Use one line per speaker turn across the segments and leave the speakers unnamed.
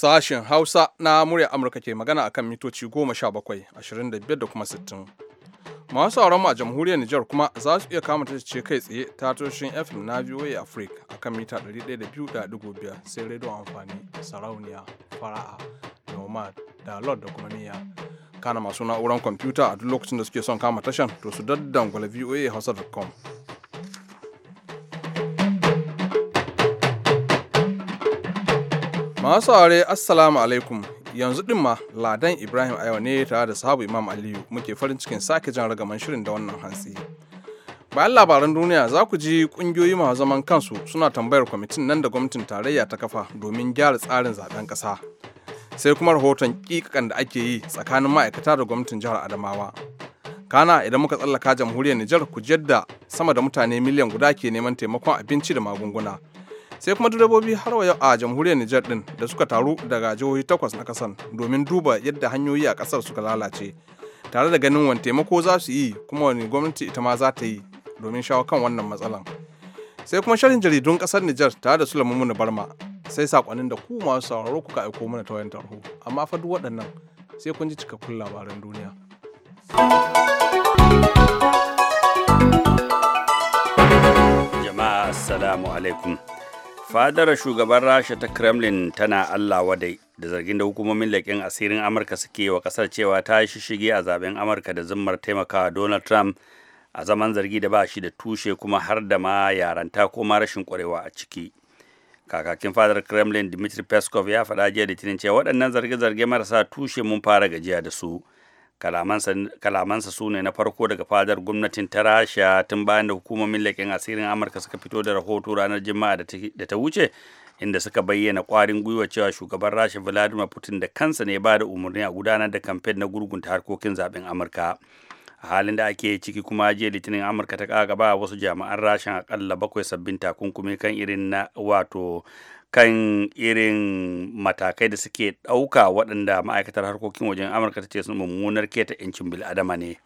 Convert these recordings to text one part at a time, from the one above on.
Sashen Hausa na murya Amurka ke magana akan mitoci 17, 25 da kuma 60. Masu sauranmu a jamhuriyar Nijar kuma za su iya kama ce kai tsaye ta toshin FM na VOA Africa a kan mita 102.5 sai rediyo amfani sarauniya fara'a nomad da lord da kuma niya Kana masu na'urar kwamfuta a duk lokacin da suke son kama tashan to su daddangwala voa hausa.com Masu aure Assalamu alaikum yanzu din ma Ladan Ibrahim Ayo ne tare da sahabu Imam Aliyu muke farin cikin sake jan ragaman shirin da wannan hantsi. Bayan labaran duniya za ku ji kungiyoyi masu zaman kansu suna tambayar kwamitin nan da gwamnatin tarayya ta kafa domin gyara tsarin zaben ƙasa. Sai kuma rahoton kikan da ake yi tsakanin ma'aikata da gwamnatin jihar Adamawa. Kana idan muka tsallaka jamhuriyar Nijar ku yadda sama da mutane miliyan guda ke neman taimakon abinci da magunguna. sai kuma direbobi har wa yau a jamhuriyar Nijar din da suka taru daga jihohi takwas na kasan domin duba yadda hanyoyi a kasar suka lalace tare da ganin wani taimako za su yi kuma wani gwamnati ita ma za ta yi domin shawo kan wannan matsalan sai kuma shirin jaridun kasar Nijar tare da Sulaiman Muna Barma sai sakonnin da ku masu sauraro kuka aiko mana ta wayan tarho amma fa duk waɗannan sai kun ji cikakkun labaran duniya.
Jama'a Assalamu alaikum. fadar shugaban rasha ta kremlin tana allah wadai da zargin da hukumomin leƙen asirin amurka suke wa ƙasar cewa ta yi shishige a zaben amurka da zimmar taimakawa donald trump a zaman zargi da ba shi da tushe kuma har da ma yaranta ko ma rashin ƙwarewa a ciki kakakin fadar kremlin dmitry peskov ya faɗa jiya da cewa waɗannan zarge-zarge marasa tushe mun fara gajiya da su kalamansa su ne na farko daga fadar gwamnatin ta rasha tun bayan da hukumomin leƙen asirin amurka suka fito da rahoto ranar jima'a da ta wuce inda suka bayyana kwarin gwiwa cewa shugaban rasha vladimir putin da kansa ne ba da umarni a gudanar da kamfen na gurgunta harkokin zaben amurka a halin da ake ciki kuma jiya litinin amurka ta kaga ba wasu jami'an rashin akalla bakwai sabbin takunkumi kan irin na wato kan irin matakai da suke ɗauka waɗanda ma'aikatar harkokin wajen
amurka ta ce sun mummunar keta
'yancin bil'adama ne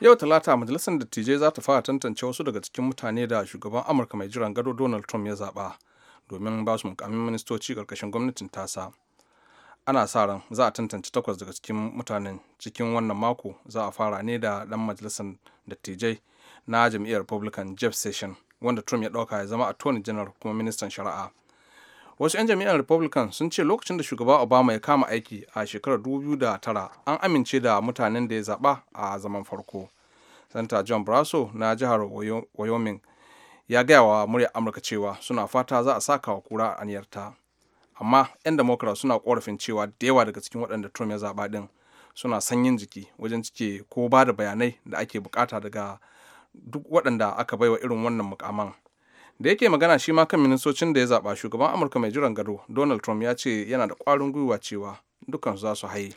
yau talata majalisar dattijai za ta fara tantance wasu daga cikin mutane da shugaban amurka mai jiran gado donald trump ya zaɓa domin ba su mukamin ministoci ƙarƙashin gwamnatin tasa ana sa ran za a tantance takwas daga cikin mutanen cikin wannan mako za a fara ne da dan majalisar dattijai na jam'iyyar republican jeff session wanda trump ya ɗauka ya zama a attorney general kuma ministan shari'a wasu 'yan jam'iyyar republican sun ce lokacin da shugaba obama ya kama aiki a shekarar 2009 an amince da mutanen da ya zaba a zaman farko santa john brasso na jihar wyoming ya gaya wa murya amurka cewa suna fata za a saka wa kura aniyarta amma 'yan democrat suna korafin cewa da yawa daga cikin waɗanda trump ya zaba din suna sanyin jiki wajen cike ko ba da bayanai da ake bukata daga duk waɗanda aka baiwa irin wannan mukaman da yake magana shi ma kan ministocin da ya zaɓa shugaban amurka mai jiran gado donald trump ya ce yana da kwarin gwiwa cewa dukansu za su haye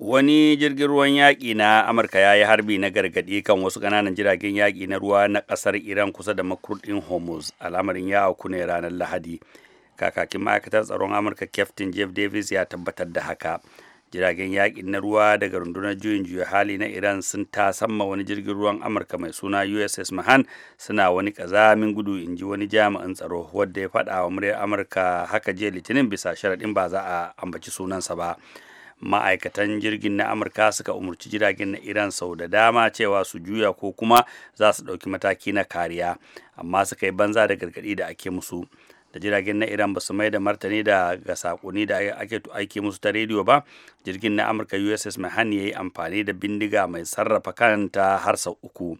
wani jirgin ruwan yaƙi na amurka ya yi harbi na gargaɗi kan wasu ƙananan jiragen yaƙi na ruwa na ƙasar iran kusa da makurɗin hormuz al'amarin ya auku ne ranar lahadi kakakin ma'aikatar tsaron amurka captain jeff davis ya tabbatar da haka jiragen yakin na ruwa daga rundunar juyin juya hali na iran sun ta samma wani jirgin ruwan amurka mai suna uss mahan suna wani kazamin gudu in ji wani jami'in tsaro wadda ya faɗa wa muryar amurka haka jiya litinin bisa sharaɗin ba za a ambaci sunansa ba ma'aikatan jirgin na amurka suka umarci jiragen na iran sau da dama cewa su juya ko kuma za su ɗauki mataki na kariya amma suka yi banza da gargaɗi da ake musu da jiragen na iran ba su mai da martani da ga sakonni da ake aiki musu ta rediyo ba jirgin na amurka uss hannu ya yi amfani da bindiga mai sarrafa kanta har sau uku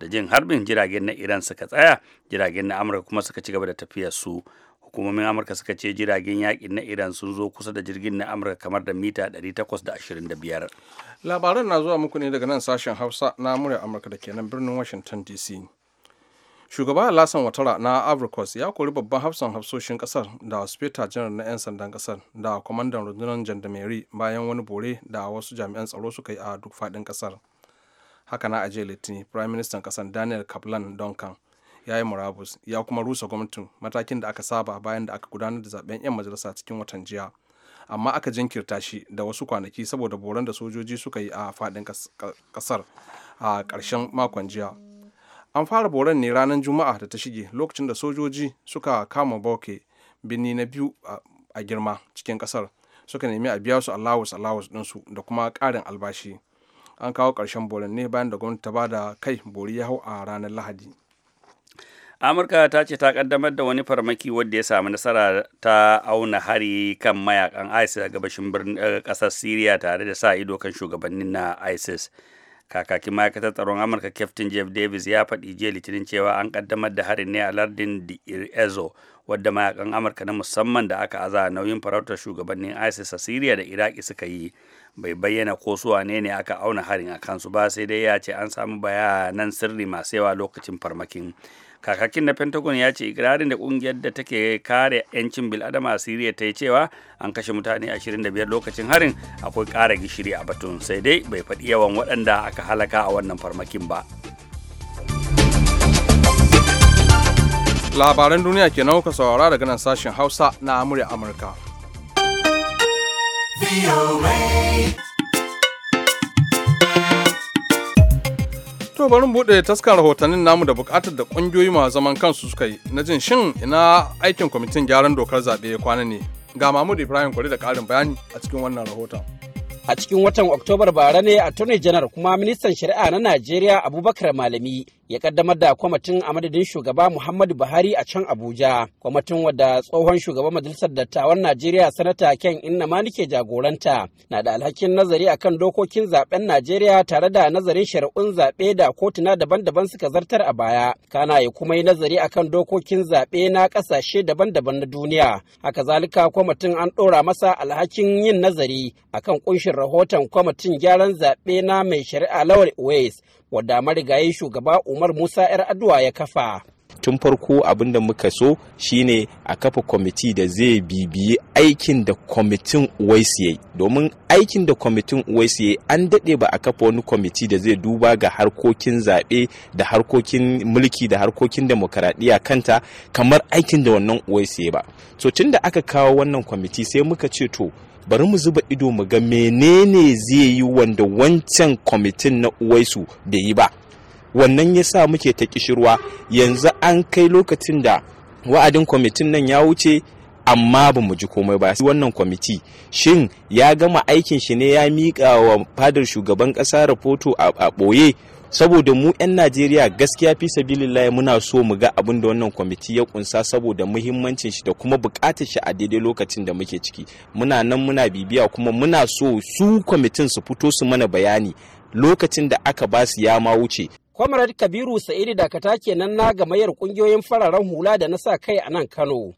da jin harbin jiragen na iran suka tsaya jiragen na amurka kuma suka ci gaba da tafiyar su hukumomin amurka suka ce jiragen yakin na iran sun zo kusa da jirgin na amurka kamar da mita ɗari da biyar.
labaran na zuwa muku ne daga nan sashen hausa na murya amurka da kenan birnin washington dc shugaba alasan watara na avrocos ya kori babban hafsan hafsoshin kasar da hospital general na 'yan sandan kasar da kwamandan rundunar jandamari bayan wani bore da wasu jami'an tsaro suka yi a duk fadin kasar haka na ajiye litinin prime minister kasar daniel kaplan duncan ya yi murabus ya kuma rusa gwamnatin matakin da aka saba bayan da aka gudanar da zaben 'yan majalisa cikin watan jiya amma aka jinkirta shi da wasu kwanaki saboda boran da sojoji suka yi a fadin kasar a ƙarshen makon jiya an fara boron ne ranar juma'a da ta shige lokacin da sojoji suka kama boke birni na biyu a girma cikin kasar suka nemi a biya su alawus alawus ɗinsu da kuma karin albashi an kawo ƙarshen boron ne bayan da gwamnati ta ba da kai bori ya hau a ranar lahadi
amurka ta ce ta kaddamar da wani farmaki wadda ya samu nasara ta auna hari kan mayakan isis a gabashin kasar eh, syria tare da sa ido kan shugabannin na isis kakakin ma'aikatar tsaron amurka captain jeff davis ya faɗi jiya litinin cewa an kaddamar da harin ne a lardin di ezo wadda mayakan amurka na musamman da aka aza nauyin farautar shugabannin isis a syria da iraki suka yi bai bayyana ko suwa ne ne aka auna harin a kansu ba sai dai ya ce an samu bayanan sirri masu yawa lokacin farmakin kakakin na pentagon ya ce ikirarin da kungiyar da take kare 'yancin biladama a siriya ta yi cewa an kashe mutane 25 lokacin harin akwai kara gishiri a
batun sai dai bai faɗi yawan waɗanda aka halaka a wannan farmakin ba labaran duniya ke nauka kuka saurara daga nan sashen hausa na amurya amurka To bari mu buɗe taskar rahotannin namu da bukatar da kungiyoyi masu zaman kansu suka yi na jin shin ina aikin kwamitin gyaran dokar zaɓe ya kwana ne. Ga Mahmud Ibrahim Kwari da ƙarin bayani a cikin wannan rahoton. A cikin watan
Oktobar bara ne a Attorney janar kuma Ministan Shari'a na Najeriya Abubakar Malami ya kaddamar da kwamitin a madadin shugaba Muhammadu Buhari a can Abuja. Kwamitin wadda tsohon shugaban majalisar dattawan Najeriya sanata Ken Inna ke jagoranta na da alhakin nazari akan dokokin zaben Najeriya tare da nazarin shari'un zaɓe da kotuna daban-daban suka zartar a baya. Kana ya kuma yi nazari akan dokokin zaɓe na ƙasashe daban-daban na duniya. Haka zalika kwamitin an ɗora masa alhakin yin nazari akan kunshin rahoton kwamitin gyaran zaɓe na mai shari'a Lawal Uwais wadda marigayi shugaba umar musa 'yar addu'a ya kafa
tun farko abin da muka so shine a kafa kwamiti da zai bibiyi aikin da kwamitin uwais domin aikin da kwamitin uwais an daɗe ba a kafa wani kwamiti da zai duba ga harkokin zaɓe da harkokin mulki da harkokin demokaradiyya kanta kamar aikin da wannan uwais ba so tun da aka kawo wannan kwamiti sai muka ce to bari mu zuba ido mu ga menene zai yi wanda wancan kwamitin na uwaisu bai yi ba wannan ya sa muke ta kishirwa yanzu an kai lokacin da wa'adin kwamitin nan ya wuce amma ba mu ji komai ba wannan kwamiti shin ya gama aikin shi ne ya miƙa wa fadar shugaban ƙasa rahoto a ɓoye saboda mu 'yan najeriya gaskiya fi sabilillahi muna so mu ga abin da wannan kwamiti ya kunsa saboda muhimmancin shi da kuma bukatar shi a daidai lokacin da muke ciki muna nan muna bibiya kuma muna so su kwamitin su fito su mana bayani lokacin da aka ba su ya ma wuce
Kwamarar Kabiru Sa'idu Dakata kenan na ga mayar kungiyoyin fararen hula da na sa kai a nan Kano.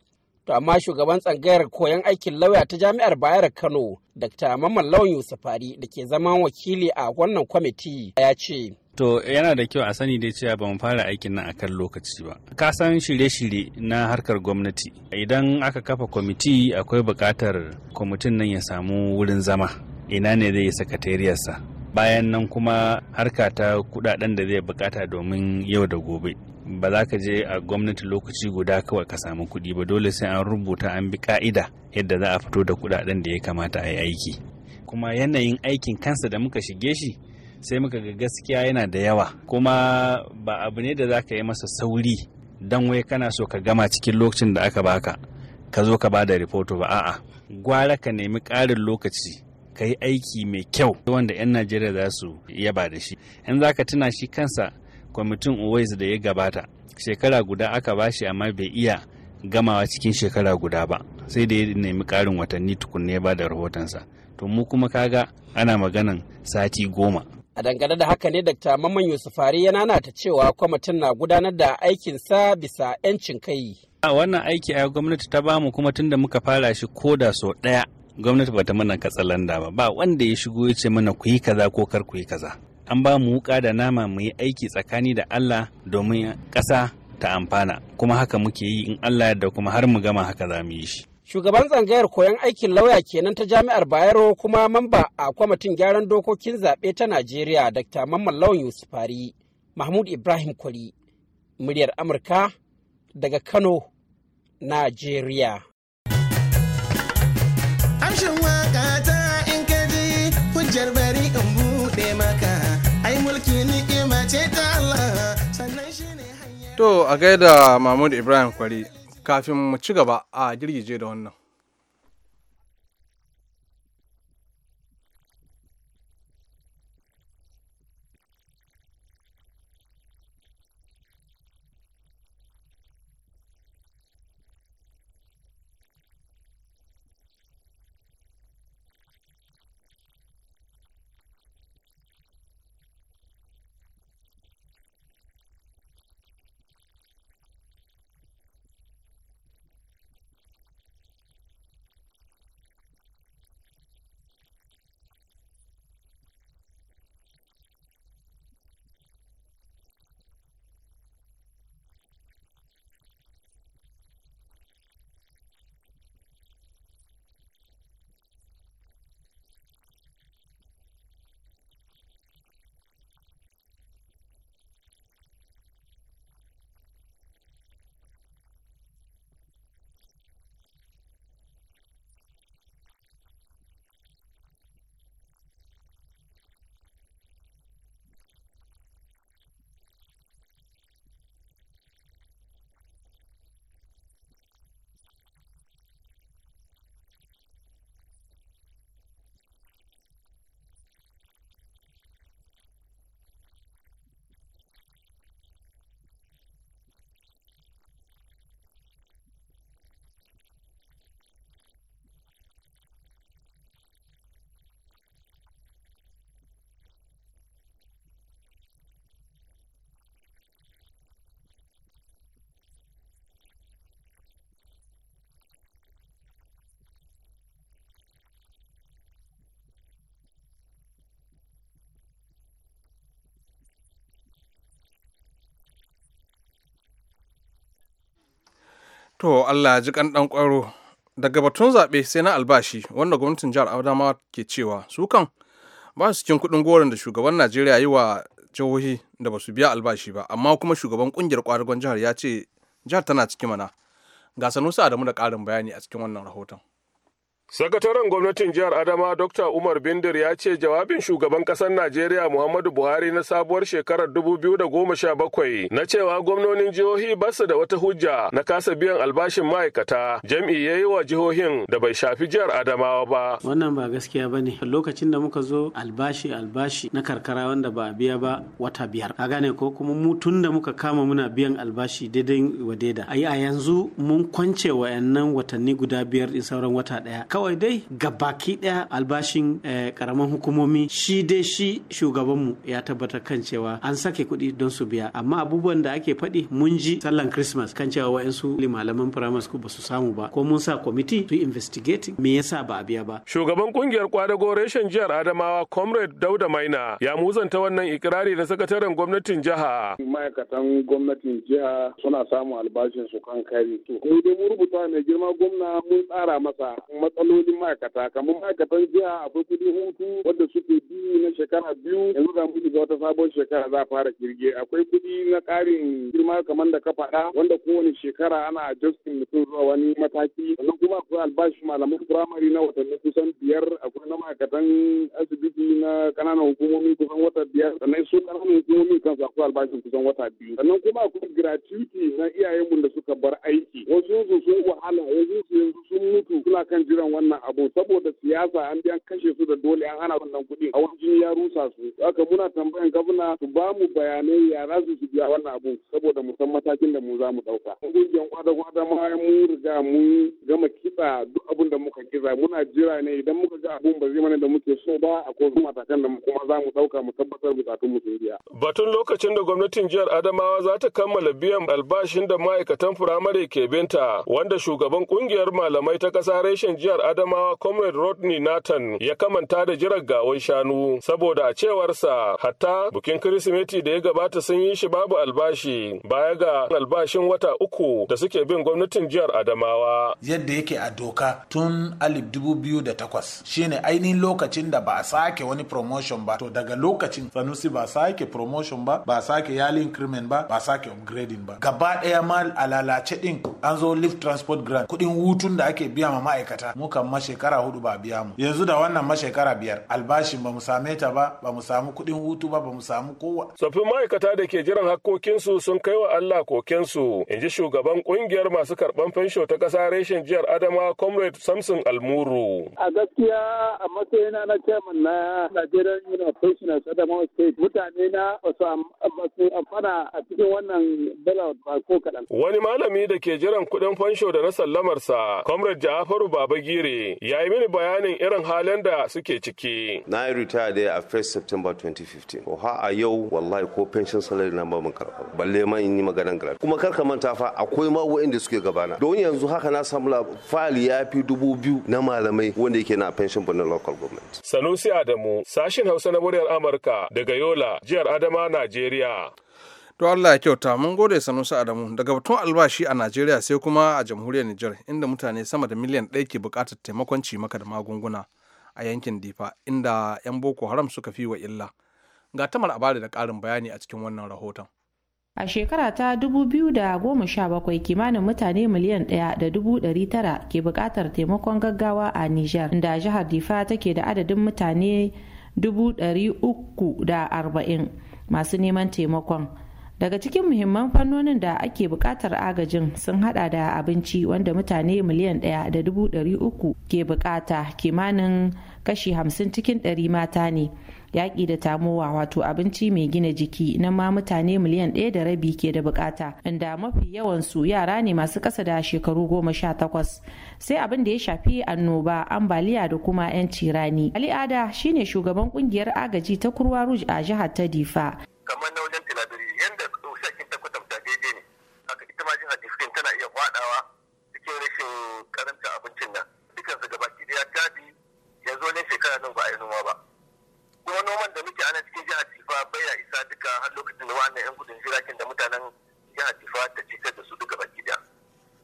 To amma shugaban tsangayar koyon aikin lauya ta jami'ar Bayar Kano, Dr. Mamman Lawan Yusufari da ke zaman wakili a wannan kwamiti ya ce.
To yana da kyau a sani dai cewa ba mu fara aikin nan akan lokaci ba. Ka san shirye-shirye na harkar gwamnati. Idan aka kafa kwamiti akwai buƙatar kwamitin nan ya samu wurin zama. Ina ne zai yi sakatariyarsa. Bayan nan kuma harka ta kuɗaɗen da zai buƙata domin yau da gobe. Ba za ka je a gwamnati lokaci guda kawai ka samu kuɗi ba dole sai an rubuta an bi ka'ida yadda za a fito da kuɗaɗen da ya kamata a yi aiki. Kuma yanayin aikin kansa da muka shige shi sai muka ga gaskiya yana da yawa kuma ba abu ne da za ka yi masa sauri don wai kana so ka gama cikin lokacin da aka baka ka zo ka bada rahoto ba a'a gwara ka nemi ƙarin lokaci ka yi aiki mai kyau wanda 'yan najeriya za su yaba da shi in za ka tuna shi kansa kwamitin always da ya gabata shekara guda aka ba shi amma bai iya gamawa cikin shekara guda ba sai da ya nemi ƙarin watanni tukunne ba da rahotonsa to mu kuma kaga ana maganan sati goma
A dangane da haka ne Dr. Mamman Yusufari ya nanata cewa kwamitin na gudanar da aikin sa bisa 'yancin kai.
A wannan aiki a gwamnati ta bamu kuma tun da muka fara shi ko da so ɗaya gwamnati bata mana katsalanda ba ba wanda ya shigo ya ce mana ku yi kaza ko kar ku yi kaza. An ba mu wuka da nama mu yi aiki tsakani da Allah domin ƙasa ta amfana kuma haka muke yi in Allah yadda kuma har mu gama haka za mu yi shi.
shugaban tsangayar koyon aikin lauya kenan ta jami'ar bayero kuma mamba a kwamitin gyaran dokokin zaɓe ta najeriya dr mamman lawan Yusuf Fari, mahmud ibrahim kwari muryar amurka daga kano najeriya
to a gaida mahmud ibrahim kwari kafin mu ci gaba a girgije da wannan. To Allah ji kan dan kwaro Daga batun zaɓe sai na albashi wanda gwamnatin jihar Adamawa ke cewa su kan ba su cikin kuɗin goron da shugaban Najeriya yi wa jihohi da ba su biya albashi ba amma kuma shugaban ƙungiyar kwadagon jihar ya ce jihar tana cikin mana. Ga da Adamu da ƙarin bayani a cikin wannan rahoton.
Sakataren gwamnatin jihar Adama Dr. Umar Bindir ya ce jawabin shugaban ƙasar Najeriya Muhammadu Buhari na sabuwar shekarar 2017 na cewa gwamnonin jihohi basu da wata hujja na kasa biyan albashin ma'aikata jam'i ya yi wa jihohin da bai shafi jihar Adamawa ba.
Wannan ba gaskiya ba ne. Lokacin da muka zo albashi albashi na karkara wanda ba a biya ba wata biyar. A gane ko kuma mu tun da muka kama muna biyan albashi daidai wa daida. Ai a yanzu mun kwance wa'annan watanni guda biyar in sauran wata ɗaya. kawai dai ga baki ɗaya albashin eh, karaman hukumomi shi dai shi shugabanmu ya tabbatar kan cewa an sake kuɗi don su biya amma abubuwan da ake faɗi mun ji sallan christmas kan cewa wa'insu malaman primary school ba su samu ba ko mun sa kwamiti su investigate me yasa ba a biya ba
shugaban kungiyar kwadago reshen jihar adamawa comrade dauda maina ya muzanta wannan ikirari da sakataren gwamnatin jiha ma'aikatan
gwamnatin jiha suna samun albashin su kan kari to dai mu rubuta mai girma gwamna mun tsara masa matsalolin matsalolin ma'aikata kamar ma'aikatan jiha akwai kuɗin hutu wanda suke bi na shekara biyu yanzu za mu shiga wata sabon shekara za a fara kirge akwai kudi na ƙarin girma kamar da ka faɗa wanda kowane shekara ana adjusting mutum zuwa wani mataki sannan kuma akwai albashin malaman firamare na watanni kusan biyar akwai na ma'aikatan asibiti na ƙananan hukumomi kusan wata biyar sannan su ƙananan hukumomi kansu akwai albashin kusan wata biyu sannan kuma akwai gratuity na iyayenmu da suka bar aiki wasu su sun wahala wasu su yanzu sun mutu suna kan jiran wani wannan abu saboda siyasa an biyan kashe su da dole an hana wannan kuɗi a jini ya rusa su haka muna tambayan gwamna su ba mu bayanai ya za su biya wannan abu saboda mu san matakin da mu za mu ɗauka. Ƙungiyar kwada-kwada ma mu riga mu gama kitsa duk abin da muka kitsa muna jira ne idan muka ga abun ba zai mana da muke so ba a zuma matakan da kuma za mu ɗauka mu tabbatar bukatun mu sun biya.
Batun lokacin da gwamnatin jihar Adamawa za ta kammala biyan albashin da ma'aikatan firamare ke binta wanda shugaban kungiyar malamai ta ƙasa reshen jihar Adamawa Comrade Rodney Nathan ya kamanta da jirar gawan shanu saboda a cewarsa hatta bukin Kirsimeti da ya gabata sun yi shi babu albashi baya ga albashin wata uku da suke bin gwamnatin jihar Adamawa. yadda yake a doka tun alif dubu biyu da takwas shine ainihin lokacin da ba a sake wani promotion ba to daga lokacin sanusi ba sake promotion ba ba sake yali increment ba ba sake upgrading ba gaba daya ma a lalace din an zo lift transport grant kudin hutun da ake biya ma ma'aikata mu kan ma shekara hudu ba biya mu yanzu da wannan ma shekara biyar albashin ba mu same ta ba ba mu samu kudin hutu ba ba mu samu kowa. tsoffin ma'aikata da ke jiran hakkokinsu sun kai wa Allah kokensu in ji shugaban kungiyar masu karɓan fensho ta kasa reshen gwamnan jihar Adama Comrade Samson Almuru.
A gaskiya a matsayina na chairman na Nigerian Union Pensioners Adamawa State mutane na basu amfana a cikin wannan bailout ba ko kaɗan. Wani
malami da ke jiran kuɗin fansho da na sallamarsa Comrade Ja'afaru Babagire ya yi mini bayanin irin halin da suke ciki. Na yi ritaya dai a
1st September 2015. Oha ha a yau wallahi ko pension salary na ba mun karɓa. Balle ma in yi maganan Kuma kar ka manta fa akwai ma waɗanda suke gabana. Don yanzu haka na samu kula fayil ya fi dubu biyu na malamai wanda yake na pension bana local government.
Sanusi Adamu sashin Hausa na muryar Amurka daga Yola jihar Adama Najeriya.
To Allah ya kyauta mun gode Sanusi Adamu daga batun albashi a Najeriya sai kuma a jamhuriyar Nijar inda mutane sama da miliyan ɗaya ke buƙatar taimakon cimaka da magunguna a yankin Difa inda 'yan Boko Haram suka fi wa illa. Ga tamar a da ƙarin bayani a cikin wannan rahoton.
A shekara ta 2017 kimanin mutane miliyan 1.900 ke bukatar taimakon gaggawa a Nijar, inda jihar Difa take da adadin mutane 340 masu neman taimakon. Daga cikin muhimman fannonin da ake bukatar agajin sun hada da abinci wanda mutane miliyan 1.300 ke bukata kimanin kashi 50 cikin 100 mata ne. yaƙi da tamowa wato abinci mai gina jiki na ma mutane miliyan ɗaya da rabi ke da bukata inda mafi yawansu yara ne masu ƙasa da shekaru goma sha takwas sai abin da ya shafi annoba ambaliya da kuma 'yanci rani ali ada shine shugaban kungiyar agaji ta kurwa a jihar ta difa kamar
wa'annan yan gudun jirakin da mutanen jihar Jifa ta cikar da su duka baki da.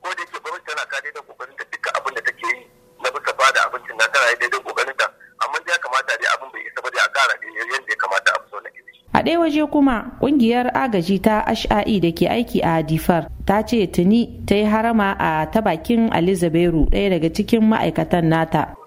Ko da yake gwamnati tana kare da kokarin ta duka abin da take yi na bisa ba da abincin na tana daidai kokarin ta amma ya
kamata dai abin bai isa ba dai a kara da yadda ya kamata a zo na A ɗaya waje kuma ƙungiyar agaji ta asha'i e da ke aiki a Difar ta ce tuni ta yi harama a tabakin bakin ɗaya daga cikin ma'aikatan nata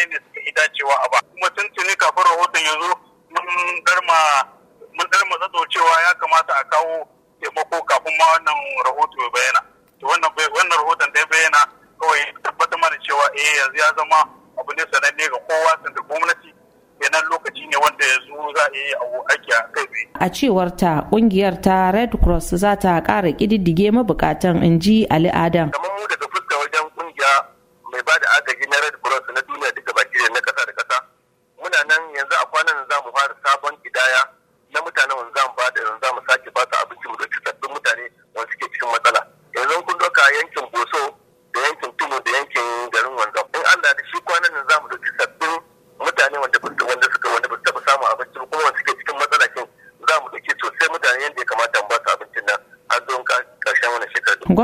mutane ne suka yi dacewa a ba kuma tun tuni kafin rahoton ya zo mun darma zato cewa ya kamata a kawo taimako kafin ma wannan rahoto ya bayyana to wannan rahoton da ya bayyana kawai tabbatar mana cewa eh yanzu ya zama abu ne sananne ga
kowa da gwamnati kenan lokaci ne wanda ya zo za a yi aiki a kai A cewar ta kungiyar ta Red Cross za ta kara kididdige mabukatan in ji Ali Adam. Kamar mu daga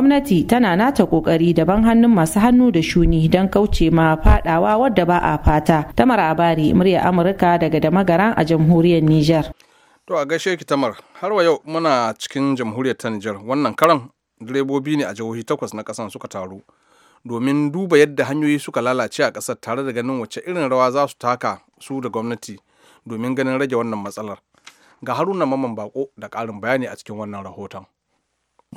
gwamnati tana nata kokari daban hannun masu hannu da shuni don kauce ma fadawa wadda ba a fata tamar abari murya amurka daga da magaran a jamhuriyar niger
to a gaishe ki tamar har wa yau muna cikin jamhuriyar ta niger wannan karan direbobi ne a jihohi takwas na kasan suka taru domin duba yadda hanyoyi suka lalace a kasar tare da ganin wacce irin rawa za su taka su da gwamnati domin ganin rage wannan matsalar ga haruna maman bako da ƙarin bayani a cikin wannan rahoton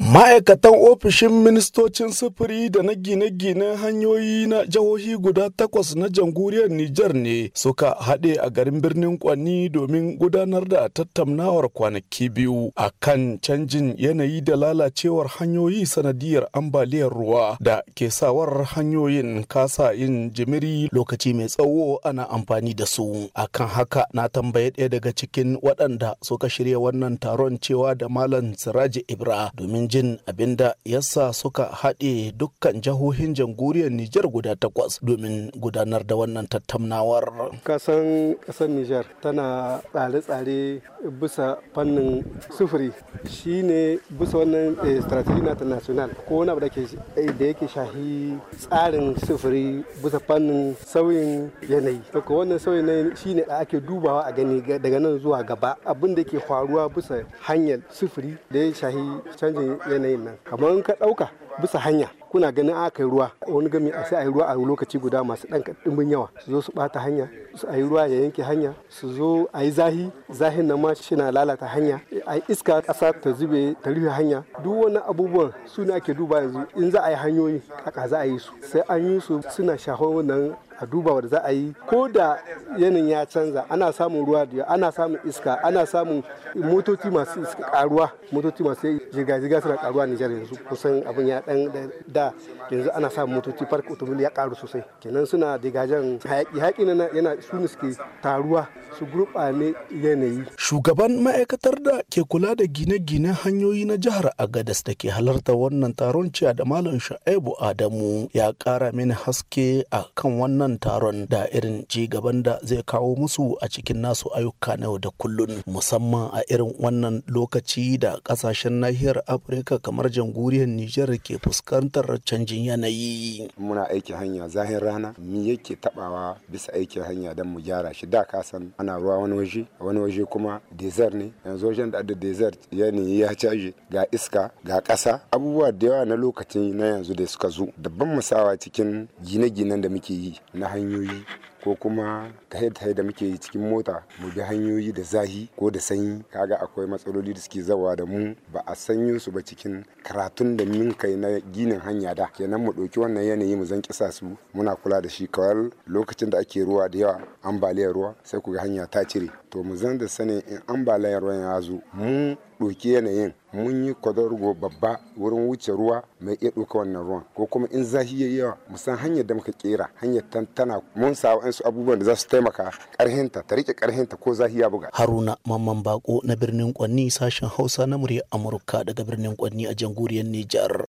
Ma'aikatan ofishin ministocin sufuri da na gine-ginen hanyoyi na jihohi guda takwas na jamhuriyar Nijar ne suka haɗe a garin birnin Kwanni domin gudanar da tattaunawar kwanaki biyu a kan canjin yanayi da lalacewar hanyoyi sanadiyar ambaliyar ruwa da ke sawar hanyoyin kasa yin jimiri lokaci mai tsawo ana amfani da su. Akan haka na tambaye ɗaya daga cikin waɗanda suka shirya wannan taron cewa da Malam Siraji Ibra domin jin abinda yasa suka haɗe dukkan jihohin janguriyar Nijar guda takwas domin gudanar da wannan tattaunawar.
Kasan kasan Nijar tana tsare-tsare bisa fannin sufuri shi ne bisa wannan eh, strategy na international ko wani abu eh, da yake shahi tsarin sufuri bisa fannin sauyin yanayi. Daga wannan sauyin yanayi shi ne ake dubawa a gani daga nan zuwa gaba abin da ke faruwa bisa hanyar sufuri da ya shahi canjin yanayin nan kamar ka ɗauka bisa hanya kuna ganin aka yi ruwa wani gami a sai a yi ruwa a lokaci guda masu ɗan ɗimbin yawa su zo su bata hanya su a yi ruwa ya yanke hanya su zo a yi zahi zahin nan ma shi na lalata hanya a yi iska ƙasa ta zube ta rufe hanya duk wani abubuwan su ne ake duba yanzu in za a yi hanyoyi a za a yi su sai an yi su suna shahon wannan a duba da za a yi ko da yanayin ya canza ana samun ruwa da ana samun iska ana samun motoci masu iska karuwa motoci masu jirga-jirga suna karuwa Nijar yanzu kusan abin ya dan da yanzu ana samun motoci park automobile ya karu sosai kenan suna digajen hayaki hayaki na yana su suke taruwa su ne yanayi
shugaban ma'aikatar da ke kula da gine-ginen hanyoyi na jihar Agadas da ke halarta wannan taron ciya da malam Sha'ibu Adamu ya kara mini haske a kan wannan wannan taron da irin ci gaban da zai kawo musu a cikin nasu ayyuka na yau da kullun musamman a irin wannan lokaci da kasashen nahiyar afirka kamar jamhuriyar nijar ke fuskantar canjin
yanayi muna aiki hanya zahin rana mi yake tabawa bisa aikin hanya dan mu gyara shi da kasan ana ruwa wani waje wani waje kuma desert ne yanzu wajen da desert yanayi ya caje ga iska ga kasa abubuwa da yawa na lokacin na yanzu da suka zo dabban musawa cikin gine-ginen da muke yi na hanyoyi ko kuma tahe-tahe da muke yi cikin mota mu bi hanyoyi da zahi ko da sanyi kaga akwai matsaloli da suke zawa da mu ba a sanyo su ba cikin karatun da min kai na ginin hanya da kenan mu ɗauki wannan yanayi mu zan kisa su muna kula da shi kawai lokacin da ake ruwa da yawa ambaliyar ruwa sai ku ga hanya ta cire to mu zan da sani in ambaliyar ruwan ya zo mu ɗauki yanayin mun yi kwadargo babba wurin wuce ruwa mai iya ɗauka wannan ruwan ko kuma in zahi ya yawa mu san hanyar da muka kera hanyar tana mun sa abubuwan da za su taimaka karhinta ta rike karhinta ko ya buga haruna
mamman bako na birnin kwanni sashen hausa na murya amurka daga birnin kwanni a jamhuriyar nijar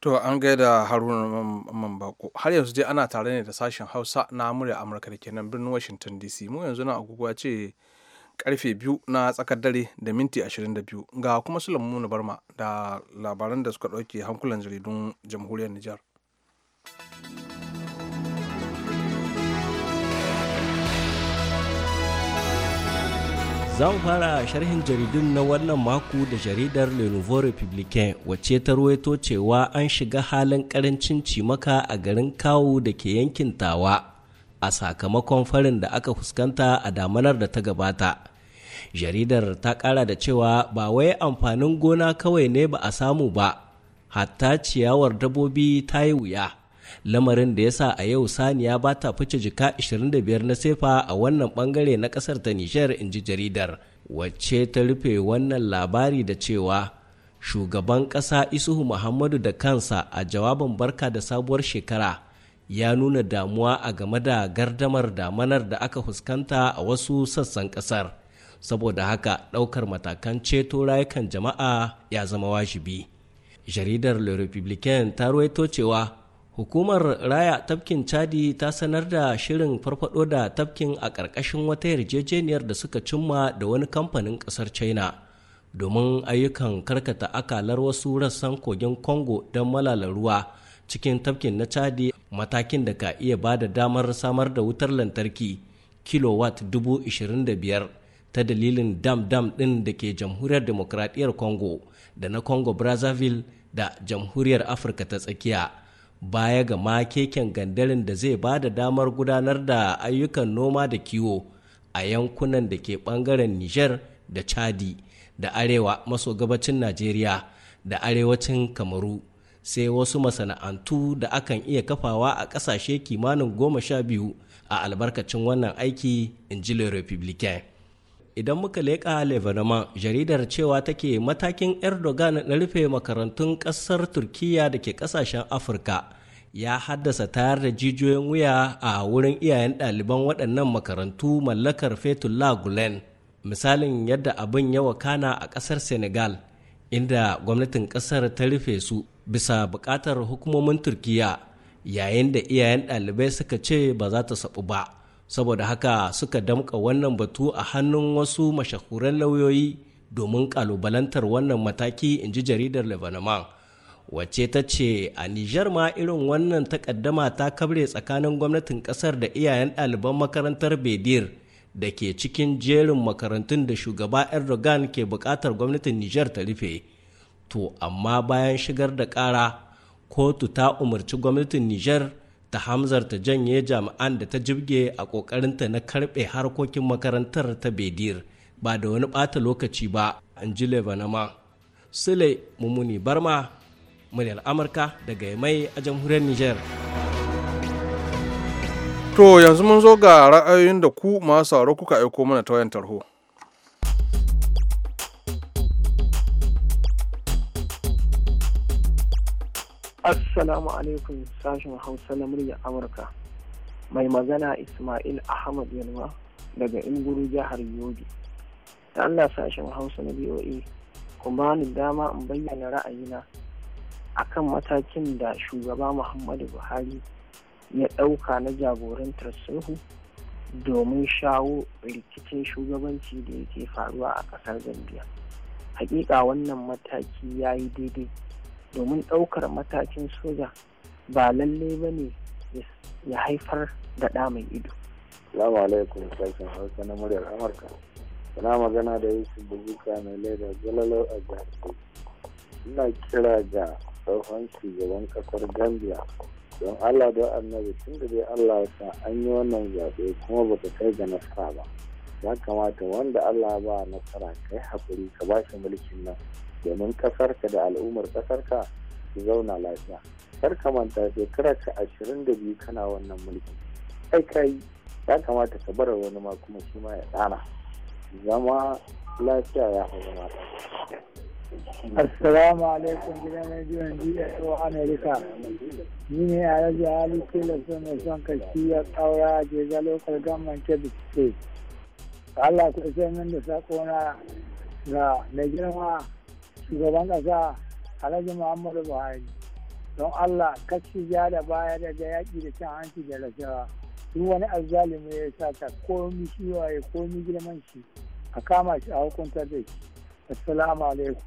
to an gaida haruna mamman bako har yanzu dai ana tare ne da sashen hausa na murya amurka da kenan birnin washington dc mu yanzu na aguguwa ce karfe biyu na tsakar dare da minti ashirin da biyu ga kuma sulaimu barma da labaran da suka ɗauke hankulan jaridun jamhuriyar nijar
za mu fara sharhin jaridun na wannan mako da jaridar le nouveau republicain wacce ta ruwaito cewa an shiga halin karancin cimaka a garin kawo da ke yankin tawa a sakamakon farin da aka fuskanta a damanar da ta gabata jaridar ta kara da cewa ba wai amfanin gona kawai ne ba a samu ba hatta ciyawar dabobi ta yi wuya lamarin da ya sa a yau saniya ba ta fice jika 25 na sefa a wannan bangare na kasar ta nijar in ji jaridar wacce ta rufe wannan labari da cewa shugaban ƙasa isuhu muhammadu da kansa a jawabin barka da sabuwar shekara ya nuna damuwa a game da gardamar damanar da aka fuskanta a wasu sassan ƙasar saboda haka ɗaukar matakan ceto rayukan jama'a ya zama wajibi jaridar le republican ta ruwaito cewa Hukumar Raya Tafkin Chadi ta sanar da shirin farfado da tafkin a ƙarƙashin wata yarjejeniyar da suka cimma da wani kamfanin ƙasar China domin ayyukan karkata akalar wasu rassan kogin Congo don malala ruwa cikin tafkin na Chadi matakin da ka iya ba da damar samar da wutar lantarki kilowatt dubu biyar ta dalilin dam-dam ɗin da ke jamhuriyar demokradiyyar Congo da na Congo Brazzaville da jamhuriyar Afirka ta tsakiya. baya ga ma keken gandarin da zai ba da damar gudanar da ayyukan noma da kiwo a yankunan da ke ɓangaren Nijar da Chadi da arewa maso gabacin Najeriya da arewacin Kamaru sai wasu masana'antu da akan iya kafawa a ƙasashe kimanin goma sha biyu a albarkacin wannan aiki in ji idan muka leƙa lebanama jaridar cewa take matakin erdogan na rufe makarantun ƙasar turkiyya da ke ƙasashen afirka ya haddasa tayar da jijiyoyin wuya a wurin iyayen ɗaliban waɗannan makarantu mallakar fetullah gulen misalin yadda abin ya wakana a ƙasar senegal inda gwamnatin ƙasar ta rufe su bisa buƙatar hukumomin turkiyya yayin da iyayen ɗalibai suka ce ba za ta saɓu ba saboda haka suka damƙa wannan batu a hannun wasu mashahuran lauyoyi domin ƙalubalantar wannan mataki in ji jaridar lebanon wace ta ce a nijar ma irin wannan takaddama ta kabre tsakanin gwamnatin ƙasar da iyayen ɗaliban makarantar bedir da ke cikin jerin makarantun da shugaba erdogan ke buƙatar gwamnatin nijar ta rufe to amma bayan shigar da ƙara kotu ta umarci gwamnatin nijar ta hamzar ta janye jami'an da ta jibge a ƙoƙarinta na karɓe harkokin makarantar ta bedir ba da wani ɓata lokaci ba in ji lebanama sule mummuni barma muryar amurka daga mai
a jamhuriyar niger to yanzu mun zo ga ra'ayoyin da ku masu kuka aiko mana ta wayan tarho
Assalamu
alaikum sashen Hausa na murya Amurka. Mai magana Ismail Ahmad Yalwa daga Inguru jihar Yobe. Ta Allah sashen Hausa na BOA, kuma ni dama in bayyana ra'ayina A kan matakin da shugaba Muhammadu Buhari ya ɗauka na jagorantar sulhu domin shawo rikicin shugabanci da yake faruwa a ƙasar Zambiya. Hakika wannan mataki ya yi daidai. domin ɗaukar matakin soja ba lalle ba ne ya haifar da ɗa mai ido.
Salamu alaikum sashen hausa na muryar Amurka. ina magana da Yusuf Buzuka mai leda Jalalo a Jihar Ina kira ga tsohon shugaban kasar Gambia don Allah da annabi tun da dai Allah ya sa an yi wannan zaɓe kuma ba ta kai ga nasara ba. Ya kamata wanda Allah ba nasara kai haƙuri ka ba shi mulkin nan domin ƙasarka da al'ummar ƙasarka su zauna lafiya kar ka manta shekara ta ashirin da biyu kana wannan mulki kai kai ya kamata ka bar wani ma kuma shi ma ya ɗana zama lafiya ya fi zama Assalamu
alaikum gidan rediyon DSO America. Ni ne a rage hali tilasto mai son kashi ya a jeza lokal gamman Kebbi State. Allah ku isa min da saƙona ga mai
girma shugaban ƙasa alhaji muhammadu buhari don allah kashi ja da baya daga yaƙi da cin hanci da rashawa duk wani azzalimi ya sata komi shi ko komi girman shi a kama shi a hukuntar da shi assalamu
alaikum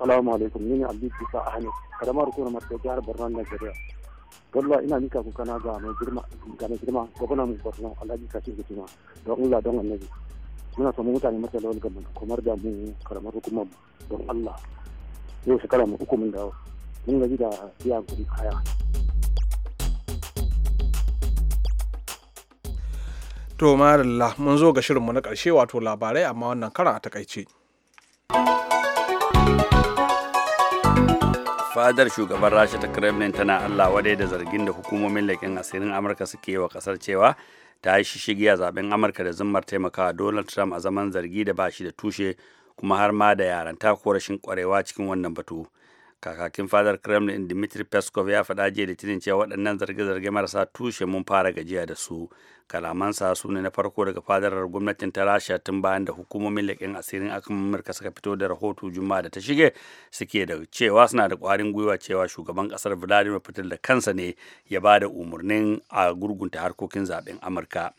assalamu alaikum ni ne abdul isa ahmed karamar kuma ta jihar borno nigeria wallahi ina nika kuka na ga mai girma ga mai girma gwamnan borno alhaji kashi gutuma don allah don annabi muna samun mutane matsalolin gaban kamar da mu karamar hukumar don allah yau shekara mu uku mun dawo mun gaji da biya kuɗi kaya
to marilla mun zo ga shirinmu na ƙarshe wato labarai amma wannan karan a takaice
fadar shugaban rasha ta kremlin tana allah wadai da zargin da hukumomin leƙen asirin amurka suke yi wa ƙasar cewa ta yi shishigi zaben amurka da zummar taimakawa donald trump a zaman zargi da ba shi da tushe kuma har ma da yaranta ko rashin kwarewa cikin wannan batu kakakin fadar kremlin dmitry peskov ya faɗa jiya litinin cewa waɗannan zarge-zarge marasa tushe mun fara gajiya da su kalamansa su ne na farko daga fadarar gwamnatin ta rasha tun bayan da hukumomin leƙen asirin akan amurka suka fito da rahoto juma'a da ta shige suke da cewa suna da ƙwarin gwiwa cewa shugaban ƙasar vladimir putin da kansa ne ya ba da umarnin a gurgunta harkokin zaɓen amurka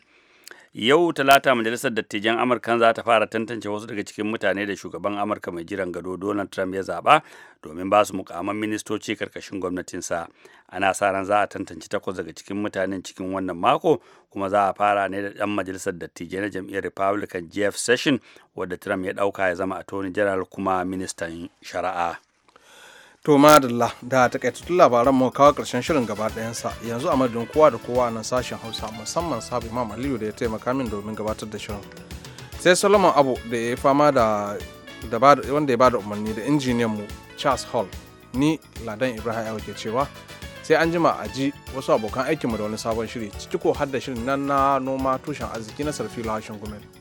yau talata majalisar dattijan amurka za ta fara tantance wasu daga cikin mutane da shugaban amurka mai jiran gado donald trump ya zaɓa domin ba su mukamman ministoci karkashin gwamnatinsa ana sa ran za a tantance takwas daga cikin mutanen cikin wannan mako kuma za a fara ne da ɗan majalisar dattijai na jam'iyyar republican jeff session wadda trump ya ɗauka ya zama attorney general kuma
ministan shari'a To madalla da takaitattun labaran mu kawo karshen shirin gaba sa yanzu a madadin kowa da kowa a nan sashen Hausa musamman sabu Imam Aliyu da ya taimaka min domin gabatar da shirin. Sai Solomon Abu da ya fama da wanda ya bada umarni da injiniyan mu Charles Hall ni Ladan Ibrahim ke cewa sai an jima a ji wasu abokan aikinmu da wani sabon shiri ciki ko har da shirin nan na noma tushen arziki na sarfi hashin gumel.